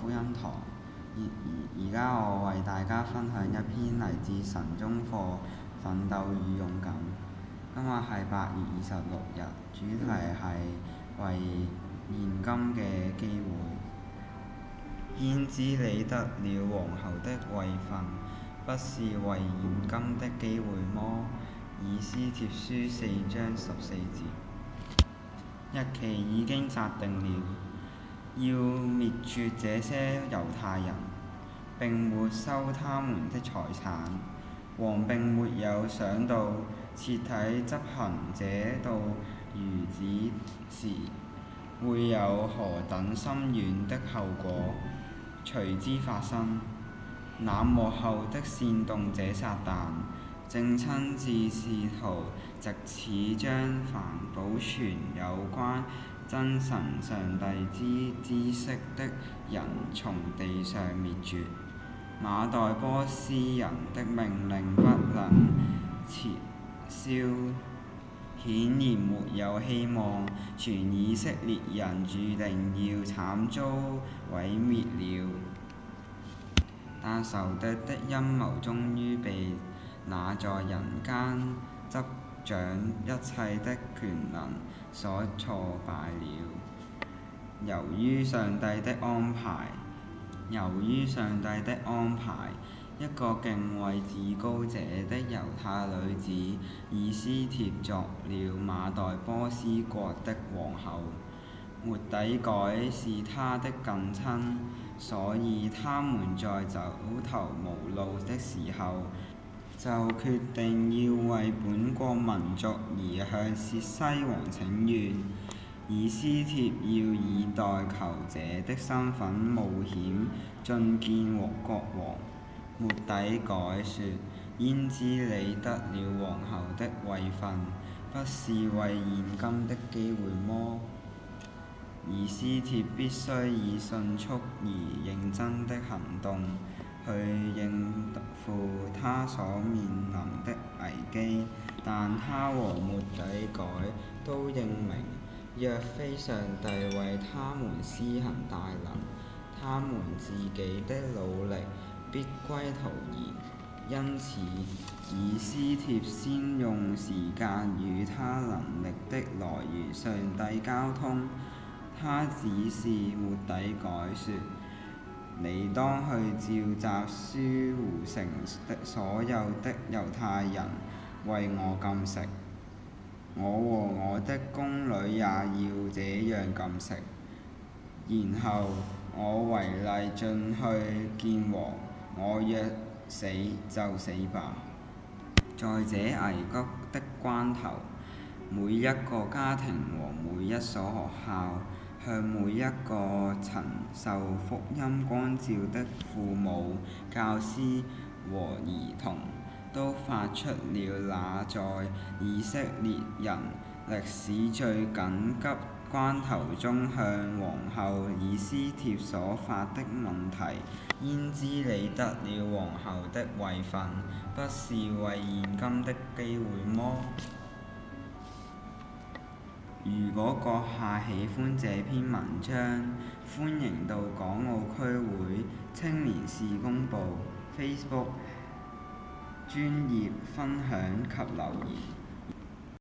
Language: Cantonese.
福音堂，而而家我為大家分享一篇嚟自神中課《奮鬥與勇敢》。今日係八月二十六日，主題係為現今嘅機會。焉知你得了王后的位分，不是為現今的機會麼？以斯帖書四章十四節。日期已經擇定了。要滅絕這些猶太人，並沒收他們的財產。王並沒有想到徹底執行這道詔旨時會有何等深遠的後果隨之發生。那幕後的煽動者撒旦正親自試圖藉此將凡保存有關。真神上帝之知識的人從地上滅絕，馬代波斯人的命令不能撤消，顯然沒有希望，全以色列人注定要慘遭毀滅了。但仇敵的陰謀終於被那在人間執掌一切的權能所挫敗了。由於上帝的安排，由於上帝的安排，一個敬畏至高者的猶太女子以斯帖作了馬代波斯國的皇后。末底改是她的近親，所以他們在走投無路的時候，就決定要為本國民族而向薛西王請願。以斯帖要以代求者的身份冒險進見國王，末底改說：焉知你得了皇后的位份，不是為現今的機會麼？以斯帖必須以迅速而認真的行動。去應付他所面臨的危機，但他和末底改都認明，若非上帝為他們施行大能，他們自己的努力必歸徒然。因此，以斯帖先用時間與他能力的來源上帝交通，他只是末底改說。你當去召集書珊城的所有的猶太人，為我禁食，我和我的宮女也要這樣禁食。然後我違例進去見王，我若死就死吧。在這危急的關頭，每一個家庭和每一所學校。向每一個曾受福音光照的父母、教師和兒童，都發出了那在以色列人歷史最緊急關頭中，向王后以斯帖所發的問題：焉知你得了王后的位份，不是為現今的機會麼？如果閣下喜歡這篇文章，歡迎到港澳區會青年事工部 Facebook 專頁分享及留言。